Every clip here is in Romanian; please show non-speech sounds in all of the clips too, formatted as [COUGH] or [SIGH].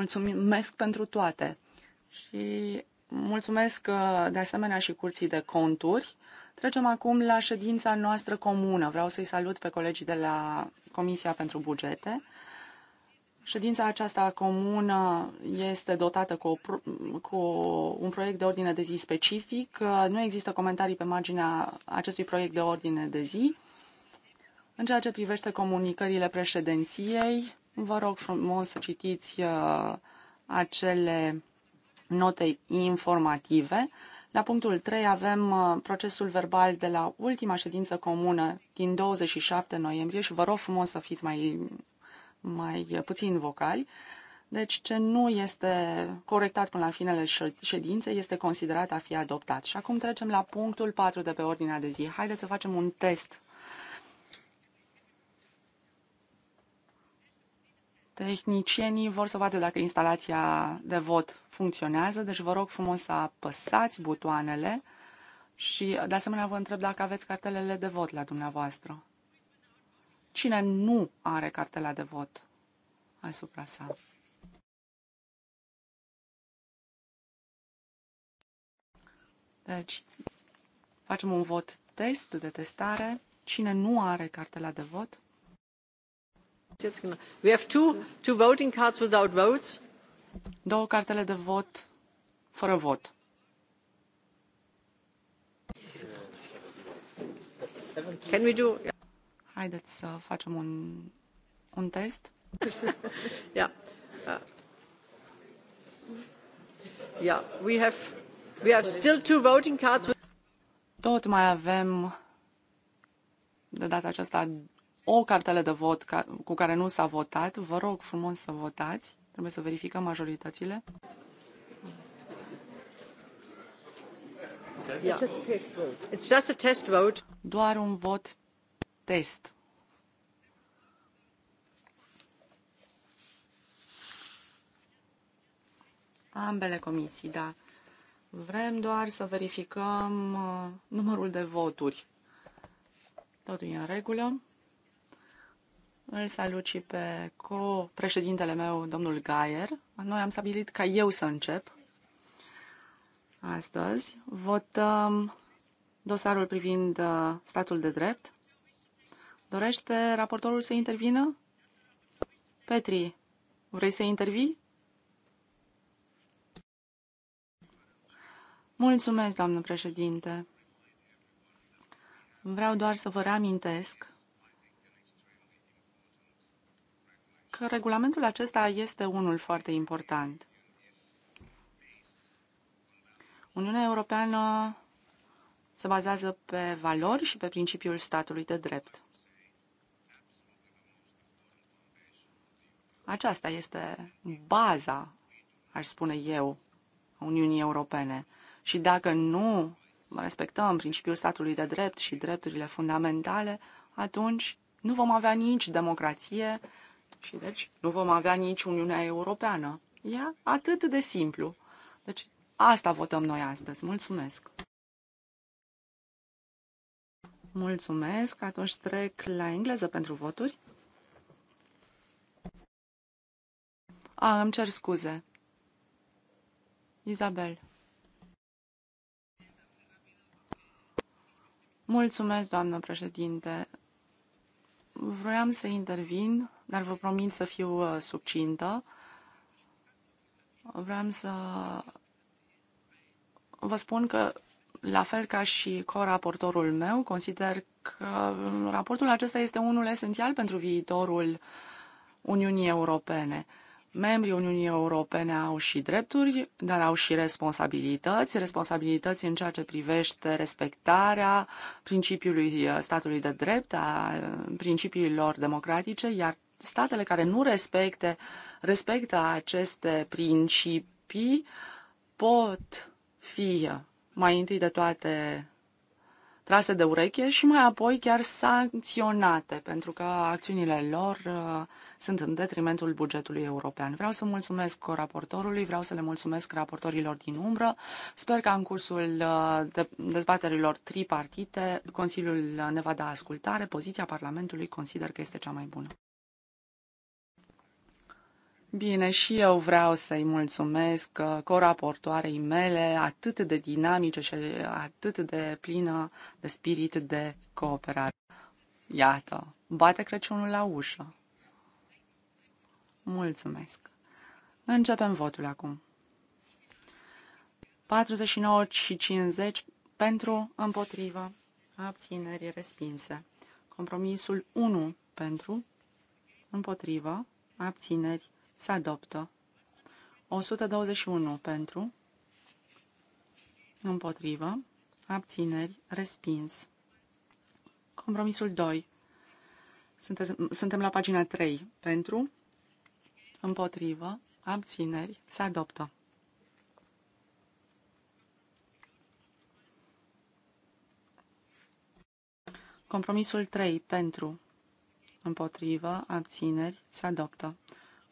Mulțumesc pentru toate și mulțumesc uh, de asemenea și curții de conturi. Trecem acum la ședința noastră comună. Vreau să-i salut pe colegii de la Comisia pentru Bugete. Ședința aceasta comună este dotată cu, o, cu un proiect de ordine de zi specific. Uh, nu există comentarii pe marginea acestui proiect de ordine de zi. În ceea ce privește comunicările președinției, Vă rog frumos să citiți uh, acele note informative. La punctul 3 avem uh, procesul verbal de la ultima ședință comună din 27 noiembrie și vă rog frumos să fiți mai, mai puțin vocali. Deci ce nu este corectat până la finele ședinței este considerat a fi adoptat. Și acum trecem la punctul 4 de pe ordinea de zi. Haideți să facem un test Tehnicienii vor să vadă dacă instalația de vot funcționează, deci vă rog frumos să apăsați butoanele și de asemenea vă întreb dacă aveți cartelele de vot la dumneavoastră. Cine nu are cartela de vot asupra sa? Deci, facem un vot test de testare. Cine nu are cartela de vot, We have two, two voting cards without votes. Două cartele de vot fără vot. Can we do... Haideți să facem un, un test. [LAUGHS] yeah. Uh, yeah, we have, we have still two voting cards. Tot mai avem de data aceasta o cartelă de vot ca, cu care nu s-a votat. Vă rog frumos să votați. Trebuie să verificăm majoritățile. Yeah. It's just a test vote. Doar un vot test. Ambele comisii, da. Vrem doar să verificăm uh, numărul de voturi. Totul e în regulă. Îl salut și pe co-președintele meu, domnul Gaier. Noi am stabilit ca eu să încep. Astăzi votăm dosarul privind uh, statul de drept. Dorește raportorul să intervină? Petri, vrei să intervii? Mulțumesc, doamnă președinte. Vreau doar să vă reamintesc regulamentul acesta este unul foarte important. Uniunea Europeană se bazează pe valori și pe principiul statului de drept. Aceasta este baza, aș spune eu, a Uniunii Europene. Și dacă nu respectăm principiul statului de drept și drepturile fundamentale, atunci nu vom avea nici democrație, și deci nu vom avea nici Uniunea Europeană. E atât de simplu. Deci asta votăm noi astăzi. Mulțumesc! Mulțumesc! Atunci trec la engleză pentru voturi. A, îmi cer scuze. Isabel. Mulțumesc, doamnă președinte vroiam să intervin, dar vă promit să fiu uh, subcintă. Vreau să vă spun că, la fel ca și co-raportorul meu, consider că raportul acesta este unul esențial pentru viitorul Uniunii Europene membrii Uniunii Europene au și drepturi, dar au și responsabilități, responsabilități în ceea ce privește respectarea principiului uh, statului de drept, a uh, principiilor democratice, iar statele care nu respecte, respectă aceste principii pot fi uh, mai întâi de toate trase de ureche și mai apoi chiar sancționate, pentru că acțiunile lor uh, sunt în detrimentul bugetului european. Vreau să mulțumesc raportorului, vreau să le mulțumesc raportorilor din umbră. Sper că în cursul uh, de dezbaterilor tripartite, Consiliul ne va da ascultare. Poziția Parlamentului consider că este cea mai bună. Bine, și eu vreau să-i mulțumesc uh, coraportoarei mele atât de dinamice și atât de plină de spirit de cooperare. Iată, bate Crăciunul la ușă. Mulțumesc. Începem votul acum. 49 și 50 pentru, împotrivă, abțineri respinse. Compromisul 1 pentru, împotrivă, abțineri se adoptă. 121 pentru, împotrivă, abțineri, respins. Compromisul 2. Sunteți, suntem la pagina 3. Pentru, împotrivă, abțineri, se adoptă. Compromisul 3. Pentru, împotrivă, abțineri, se adoptă.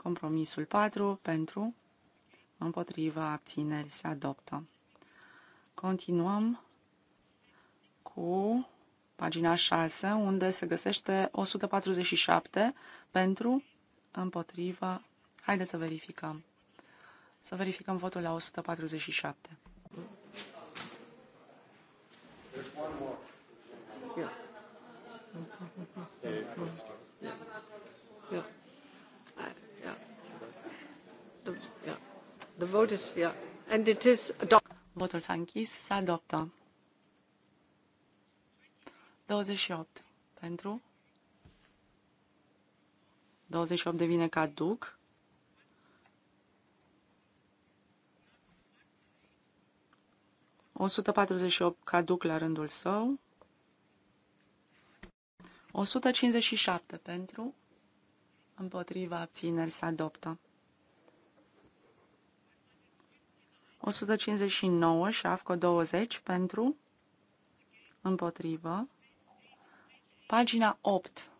Compromisul 4 pentru, împotriva abțineri se adoptă. Continuăm cu pagina 6, unde se găsește 147 pentru, împotriva. Haideți să verificăm. Să verificăm votul la 147. Yeah. The vote is, yeah. And it is adopted. Votul s-a închis, se adoptă. 28 pentru. 28 devine caduc. O 148 caduc la rândul său. 157 pentru. Împotriva abțineri se adoptă. 159 și AFCO 20 pentru, împotrivă. Pagina 8,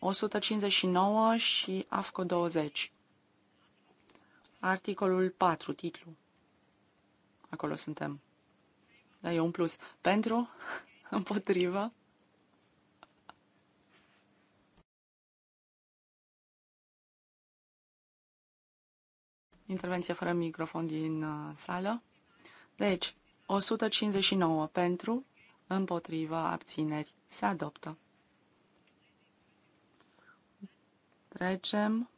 159 și AFCO 20. Articolul 4, titlu. Acolo suntem. Da, e un plus. Pentru, [LAUGHS] împotrivă, Intervenție fără microfon din uh, sală. Deci, 159 pentru, împotriva, abțineri. Se adoptă. Trecem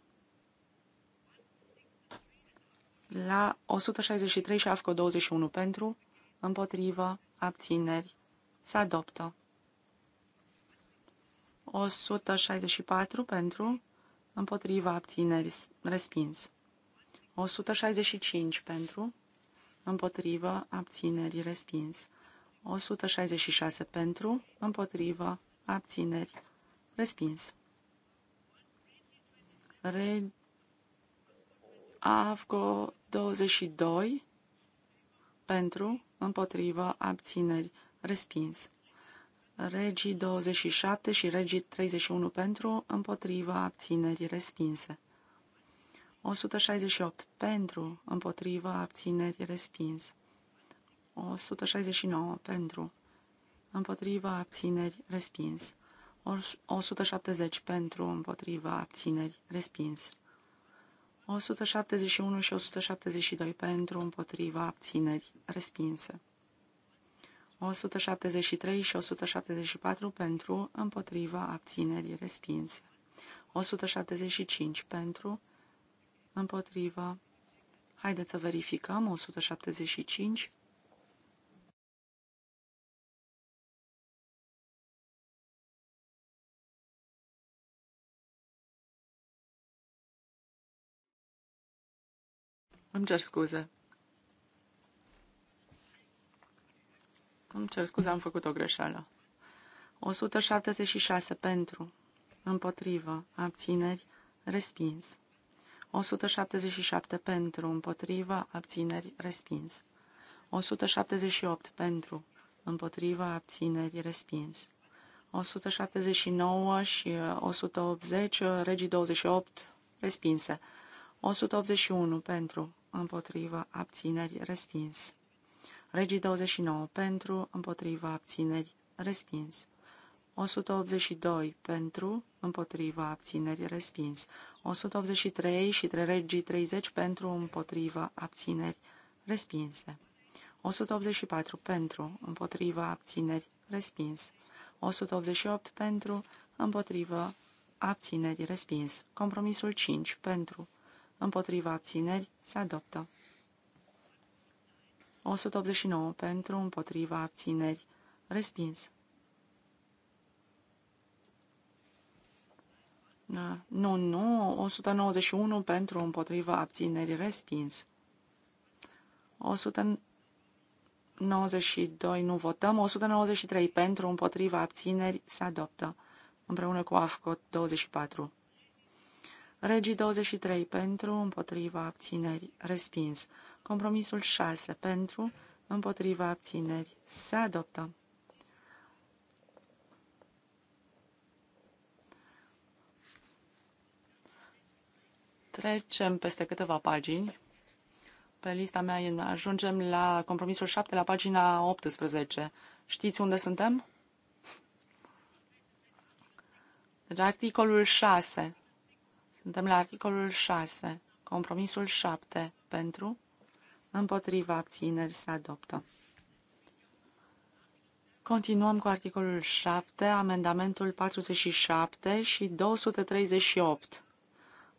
la 163 și AFCO 21 pentru, împotriva, abțineri. Se adoptă. 164 pentru, împotriva, abțineri. Respins. 165 pentru, împotrivă, abțineri, respins. 166 pentru, împotrivă, abțineri, respins. Re... AFCO 22 pentru, împotrivă, abțineri, respins. Regii 27 și regii 31 pentru, împotrivă, abțineri, respinse. 168 pentru, împotrivă, abțineri, respins. 169 pentru, împotrivă, abțineri, respins. 170 pentru, împotrivă, abțineri, respins. 171 și 172 pentru, împotriva, abțineri, respinse. 173 și 174 pentru, împotriva, abțineri, respinse. 175 pentru, împotrivă. Haideți să verificăm. 175. Îmi cer scuze. Îmi cer scuze, am făcut o greșeală. 176 pentru, împotrivă, abțineri, respins. 177 pentru, împotriva, abțineri, respins. 178 pentru, împotriva, abțineri, respins. 179 și 180, uh, uh, regii 28, respinse. 181 pentru, împotriva, abțineri, respins. Regii 29 pentru, împotriva, abțineri, respins. 182 pentru, împotriva, abțineri, respins. 183 și 3 regii 30 pentru, împotriva, abțineri, respinse. 184 pentru, împotriva, abțineri, respins. 188 pentru, împotriva, abțineri, respins. Compromisul 5 pentru, împotriva, abțineri, se adoptă. 189 pentru, împotriva, abțineri, respins. Nu, nu, 191 pentru împotriva abținerii respins. 192 nu votăm, 193 pentru împotriva abțineri se adoptă, împreună cu AFCOT 24. Regii 23 pentru împotriva abțineri respins. Compromisul 6 pentru împotriva abțineri se adoptă. Trecem peste câteva pagini. Pe lista mea ajungem la compromisul 7, la pagina 18. Știți unde suntem? Deci articolul 6. Suntem la articolul 6. Compromisul 7 pentru împotriva abțineri se adoptă. Continuăm cu articolul 7, amendamentul 47 și 238.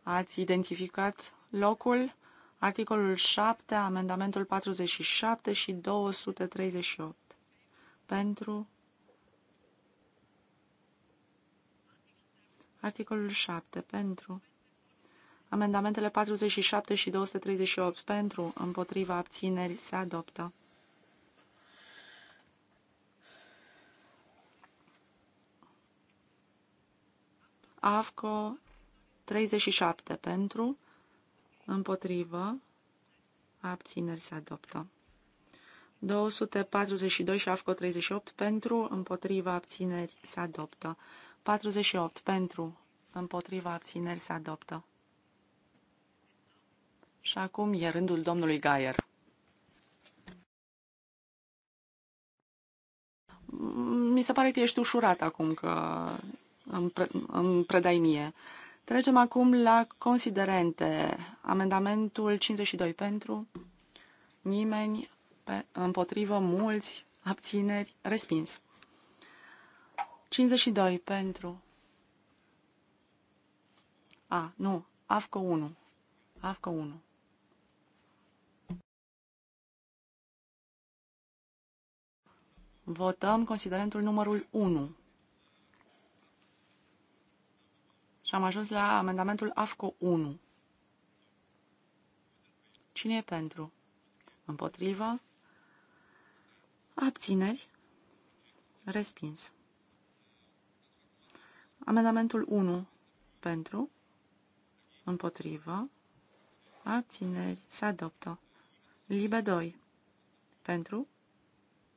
Ați identificat locul? Articolul 7, amendamentul 47 și 238. Pentru Articolul 7. Pentru. Amendamentele 47 și 238. Pentru. Împotriva abțineri. Se adoptă. AFCO 37 pentru, împotrivă, abțineri se adoptă. 242 și AFCO 38 pentru, împotrivă, abțineri se adoptă. 48 pentru, împotrivă, abțineri se adoptă. Și acum e rândul domnului Gaier. Mi se pare că ești ușurat acum că îmi, pre- îmi predai mie. Trecem acum la considerente. Amendamentul 52 pentru, nimeni, pe, împotrivă, mulți, abțineri, respins. 52 pentru. A, nu, AFCO 1. AFCO 1. Votăm considerentul numărul 1. Și am ajuns la amendamentul AFCO 1. Cine e pentru? Împotrivă? Abțineri? Respins. Amendamentul 1 pentru, împotrivă, abțineri, se adoptă. Libe 2 pentru,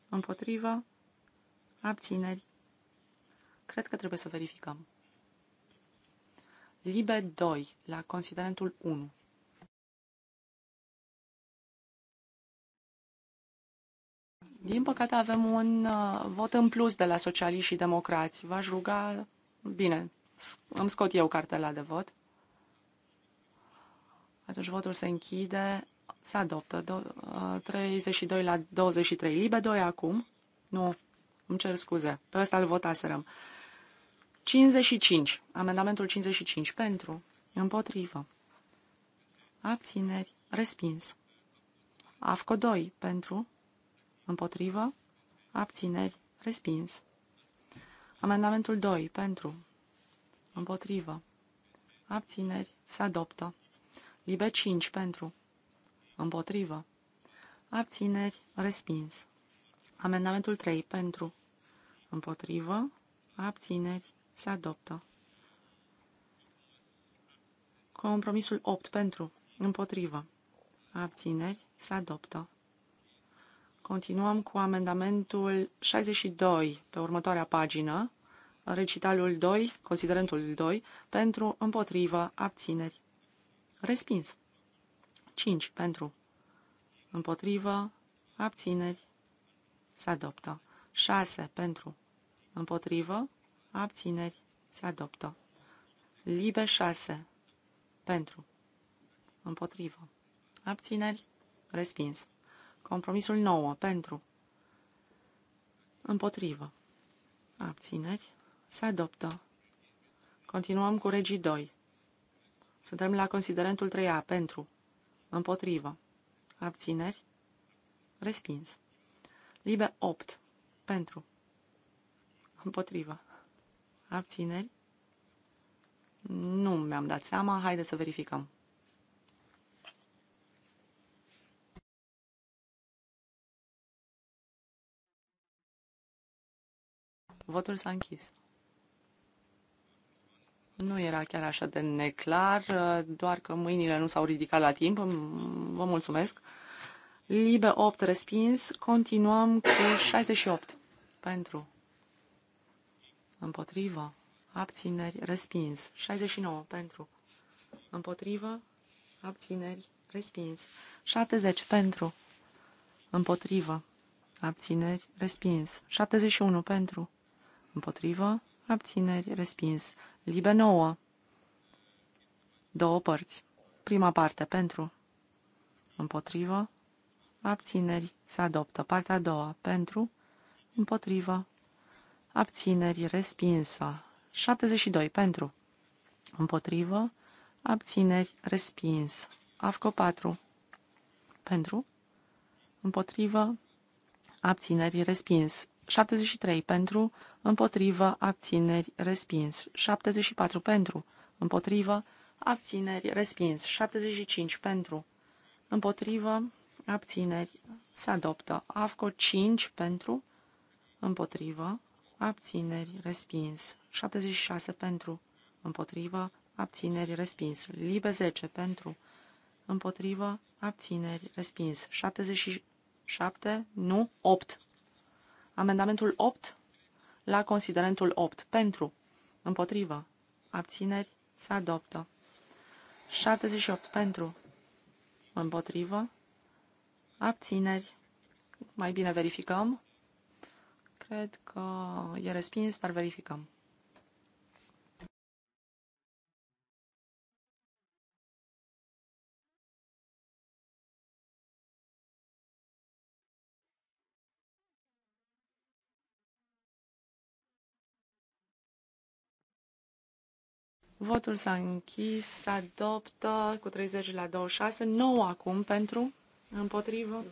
împotrivă, abțineri. Cred că trebuie să verificăm. Libe 2, la considerentul 1. Din păcate avem un uh, vot în plus de la socialiști și democrați. V-aș ruga, bine, îmi scot eu cartela de vot. Atunci votul se închide, se adoptă do- uh, 32 la 23. Libe 2 acum? Nu, îmi cer scuze, pe ăsta îl votaserăm. 55. Amendamentul 55. Pentru. Împotrivă. Abțineri. Respins. AFCO 2. Pentru. Împotrivă. Abțineri. Respins. Amendamentul 2. Pentru. Împotrivă. Abțineri. Se adoptă. Libe 5. Pentru. Împotrivă. Abțineri. Respins. Amendamentul 3. Pentru. Împotrivă. Abțineri. Se adoptă. Compromisul 8 pentru, împotrivă, abțineri, se adoptă. Continuăm cu amendamentul 62 pe următoarea pagină, recitalul 2, considerentul 2, pentru, împotrivă, abțineri. Respins. 5 pentru, împotrivă, abțineri, se adoptă. 6 pentru, împotrivă, abțineri, se adoptă. Libe 6, pentru, împotrivă, abțineri, respins. Compromisul 9, pentru, împotrivă, abțineri, se adoptă. Continuăm cu regii 2. Suntem la considerentul 3A, pentru, împotrivă, abțineri, respins. Libe 8, pentru, împotrivă, Abțineri? Nu mi-am dat seama. Haideți să verificăm. Votul s-a închis. Nu era chiar așa de neclar, doar că mâinile nu s-au ridicat la timp. Vă mulțumesc. Libe 8 respins. Continuăm cu 68 pentru împotrivă, abțineri, respins. 69 pentru, împotrivă, abțineri, respins. 70 pentru, împotrivă, abțineri, respins. 71 pentru, împotrivă, abțineri, respins. Libe 9, două părți. Prima parte pentru, împotrivă, abțineri, se adoptă. Partea a doua pentru, împotrivă, abțineri respinsă. 72 pentru, împotrivă, abțineri respins. AFCO 4 pentru, împotrivă, abțineri respins. 73 pentru, împotrivă, abțineri respins. 74 pentru, împotrivă, abțineri respins. 75 pentru, împotrivă, abțineri se adoptă. AFCO 5 pentru, împotrivă, abțineri, respins. 76 pentru, împotrivă, abțineri, respins. Libe 10 pentru, împotrivă, abțineri, respins. 77, nu, 8. Amendamentul 8 la considerentul 8 pentru, împotrivă, abțineri, se adoptă. 78 pentru, împotrivă, abțineri. Mai bine verificăm. Cred că e respins, dar verificăm. Votul s-a închis, se adoptă cu 30 la 26, 9 acum pentru, împotrivă,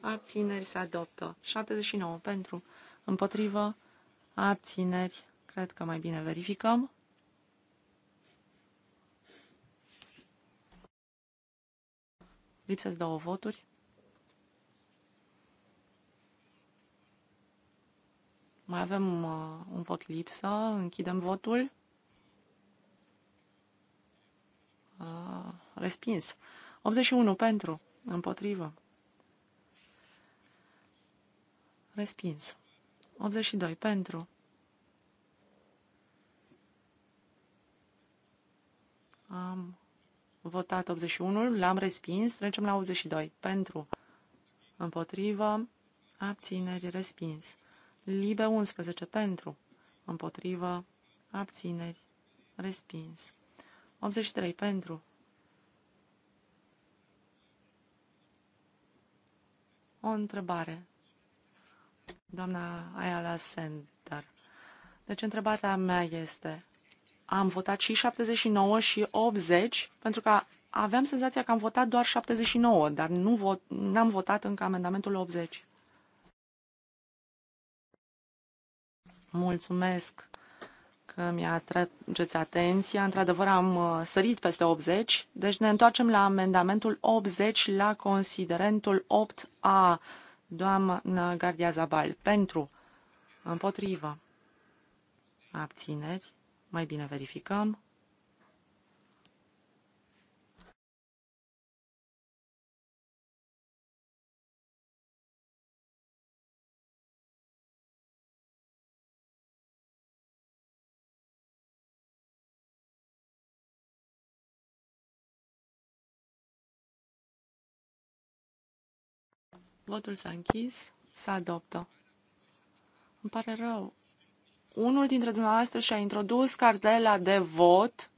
abțineri se adoptă, 79 pentru, împotrivă, abțineri, cred că mai bine verificăm. Lipsesc două voturi. Mai avem uh, un vot lipsă. Închidem votul. Uh, respins. 81 pentru. Împotrivă. Respins. 82 pentru. Am votat 81, l-am respins, trecem la 82 pentru. Împotrivă, abțineri, respins. Libe 11 pentru. Împotrivă, abțineri, respins. 83 pentru. O întrebare doamna Ayala Sender. Deci întrebarea mea este, am votat și 79 și 80, pentru că aveam senzația că am votat doar 79, dar nu vot, n-am votat încă amendamentul 80. Mulțumesc că mi-a atrageți atenția. Într-adevăr, am uh, sărit peste 80, deci ne întoarcem la amendamentul 80 la considerentul 8A doamna Gardia Zabal. Pentru, împotrivă, abțineri, mai bine verificăm. Votul s-a închis. Se adoptă. Îmi pare rău. Unul dintre dumneavoastră și-a introdus cartela de vot,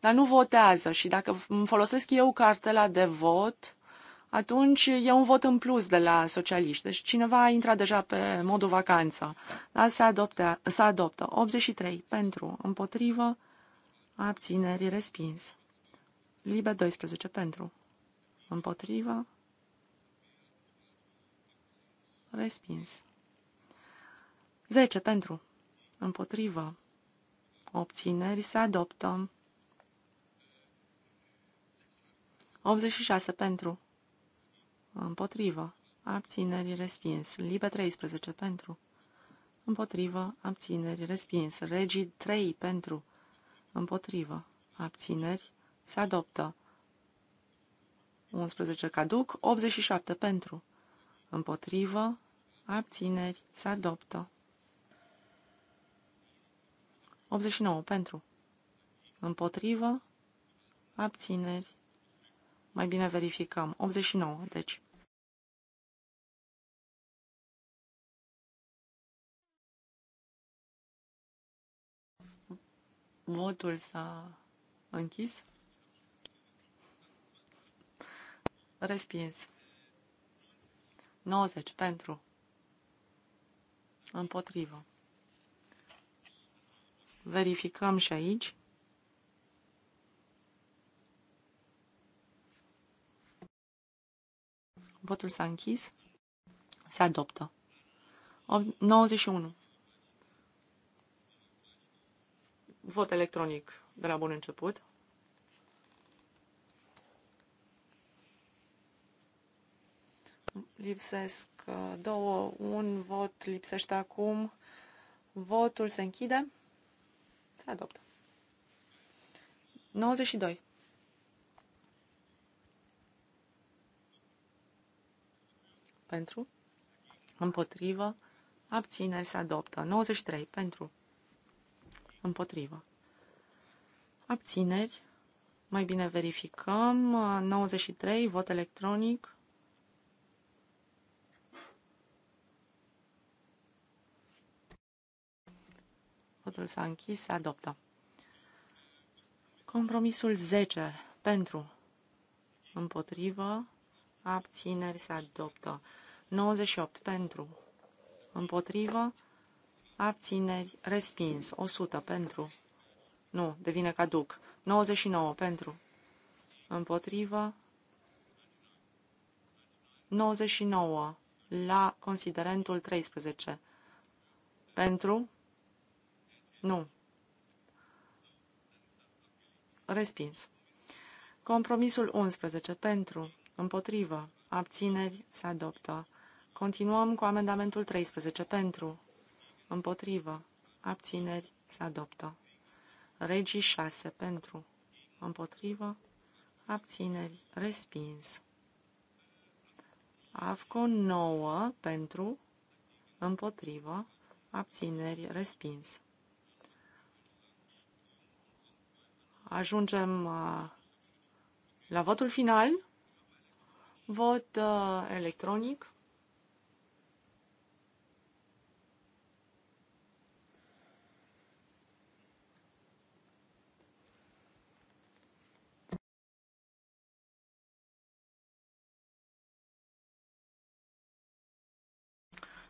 dar nu votează. Și dacă îmi folosesc eu cartela de vot, atunci e un vot în plus de la socialiști. Deci cineva a intrat deja pe modul vacanță. Dar se, adoptea, se adoptă. 83 pentru, împotrivă, abțineri, respins. Libe 12 pentru, împotrivă, Respins. 10 pentru. Împotrivă. Obțineri se adoptă. 86 pentru. Împotrivă. Abțineri respins. Libe 13 pentru. Împotrivă. Abțineri respins. Regii 3 pentru. Împotrivă. Abțineri se adoptă. 11 caduc. 87 pentru împotrivă, abțineri, se adoptă. 89 pentru, împotrivă, abțineri, mai bine verificăm, 89, deci. Votul s-a închis. Respins. 90 pentru. Împotrivă. Verificăm și aici. Votul s-a închis. Se adoptă. 91. Vot electronic de la bun început. lipsesc uh, două, un vot lipsește acum, votul se închide, se adoptă. 92. Pentru, împotrivă, abțineri se adoptă. 93. Pentru, împotrivă. Abțineri, mai bine verificăm, 93, vot electronic, Totul s-a închis. Se adoptă. Compromisul 10. Pentru. Împotrivă. Abțineri. Se adoptă. 98. Pentru. Împotrivă. Abțineri. Respins. 100. Pentru. Nu. Devine caduc. 99. Pentru. Împotrivă. 99 la considerentul 13. Pentru, nu. Respins. Compromisul 11. Pentru. Împotrivă. Abțineri. Se adoptă. Continuăm cu amendamentul 13. Pentru. Împotrivă. Abțineri. Se adoptă. Regii 6. Pentru. Împotrivă. Abțineri. Respins. AFCO 9. Pentru. Împotrivă. Abțineri. Respins. ajungem uh, la votul final. Vot uh, electronic.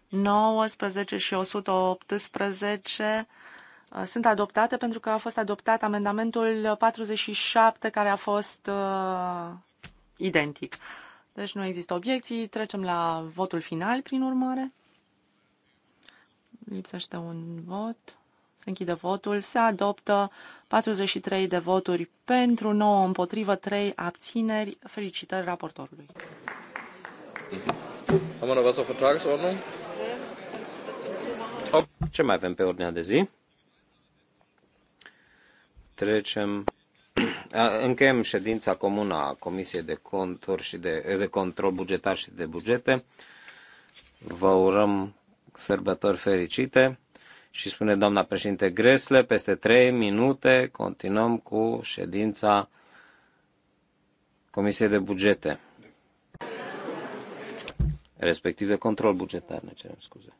Nouăsprezece și optsprezece Uh, sunt adoptate pentru că a fost adoptat amendamentul 47 care a fost uh, identic. Deci nu există obiecții. Trecem la votul final, prin urmare. Lipsește un vot. Se închide votul. Se adoptă 43 de voturi pentru, 9 împotrivă, 3 abțineri. Felicitări raportorului. Am Ce mai avem pe ordinea de zi? Trecem, încheiem ședința comună a Comisiei de, Conturi și de, de Control Bugetar și de Bugete. Vă urăm sărbători fericite și spune doamna președinte Gresle, peste 3 minute continuăm cu ședința Comisiei de Bugete, respectiv de control bugetar, ne cerem scuze.